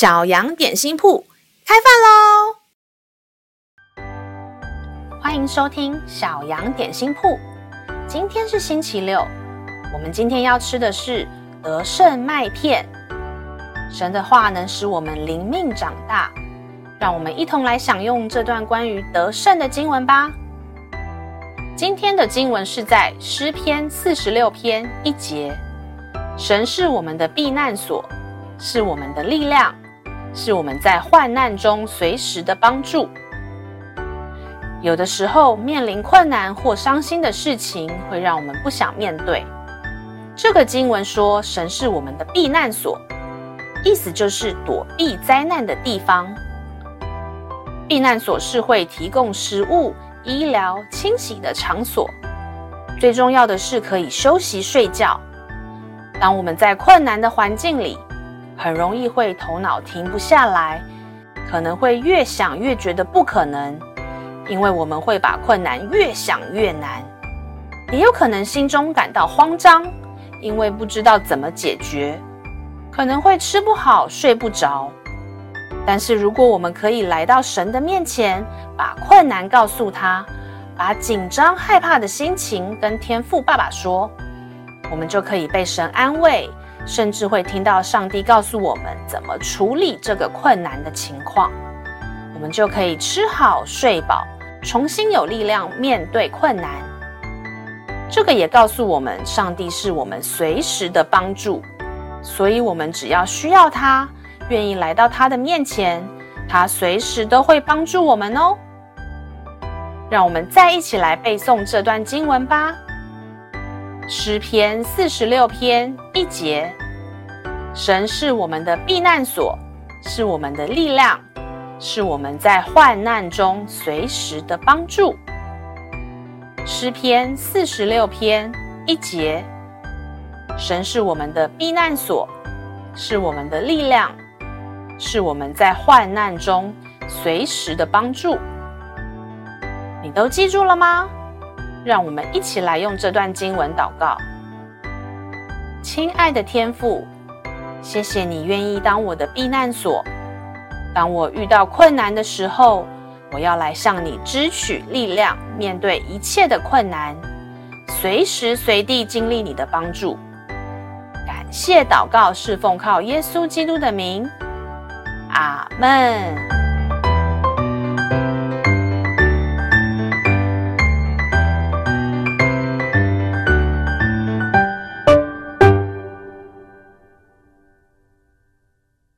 小羊點心鋪開飯嘍！歡迎收聽小羊點心鋪。今天是星期六，我們今天要吃的是德勝麥片。神的話能使我們靈命長大，讓我們一同來享用這段關於德勝的經文吧。今天的經文是在詩篇四十六篇一節。神是我們的避難所，是我們的力量。是我們在患難中隨時的幫助。有的時候面臨困難或傷心的事情，會讓我們不想面對。這個經文說，神是我們的避難所，意思就是躲避災難的地方。避難所是會提供食物、醫療、清洗的場所，最重要的是可以休息睡覺。當我們在困難的環境裡，很容易會頭腦停不下來，可能會越想越覺得不可能，因為我們會把困難越想越難，也有可能心中感到慌張，因為不知道怎麼解決，可能會吃不好睡不着。但是如果我們可以來到神的面前，把困難告訴他，把緊張害怕的心情跟天父爸爸說，我們就可以被神安慰。甚至會聽到上帝告訴我們怎麼處理這個困難的情況，我們就可以吃好睡飽，重新有力量面對困難。這個也告訴我們，上帝是我們隨時的幫助，所以我們只要需要他，願意來到他的面前，他隨時都會幫助我們哦。讓我們再一起來背誦這段經文吧。詩篇四十六篇一節，神是我們的避難所，是我們的力量，是我們在患難中隨時的幫助。詩篇四十六篇一節，神是我們的避難所，是我們的力量，是我們在患難中隨時的幫助。你都記住了嗎？讓我們一起來用這段經文禱告。親愛的天父，謝謝你願意當我的避難所，當我遇到困難的時候，我要來向你支取力量，面對一切的困難，隨時隨地經歷你的幫助。感謝禱告是奉靠耶穌基督的名。阿門。